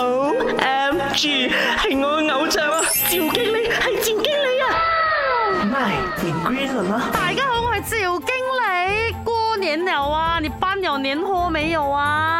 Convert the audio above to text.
O M G，係我嘅偶像啊！趙經理係趙經理啊！咪你 green 啦！啊、大家好，我係趙經理。過年了啊，你辦了年貨沒有啊？